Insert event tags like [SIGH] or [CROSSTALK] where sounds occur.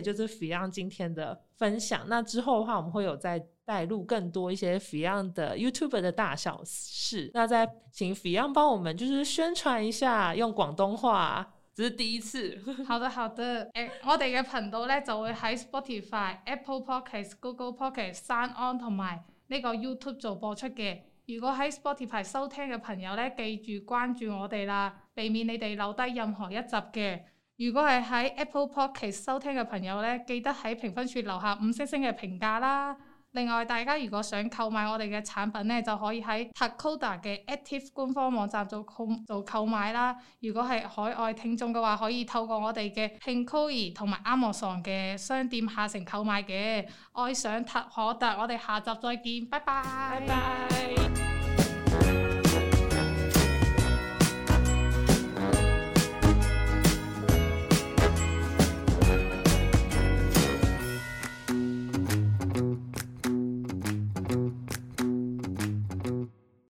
就是 Fion 今天的分享，那之後的話，我們會有再帶入更多一些 Fion 的 YouTube 的大小事。那再請 Fion 幫我們就是宣傳一下，用廣東話，這是第一次。好的好的，好的欸、我哋嘅頻道咧，就會喺 Spotify、 [LAUGHS] Apple Podcast、Google Podcast、SoundOn 同埋呢個 YouTube 做播出嘅。如果喺 Spotify 收聽嘅朋友咧，記住關注我哋啦，避免你哋漏低任何一集嘅。如果係喺 Apple Podcast 收聽嘅朋友呢記得喺評分處留下五星星嘅評價啦。另外，大家如果想購買我哋嘅產品呢就可以喺 Takoda 嘅 Active 官方網站做購買做購買啦。如果係海外聽眾嘅話，可以透過我哋嘅 h i n k o i 同埋 Amazon 嘅商店下城購買嘅。愛上 t a k o 可 a 我哋下集再見，拜拜。拜拜。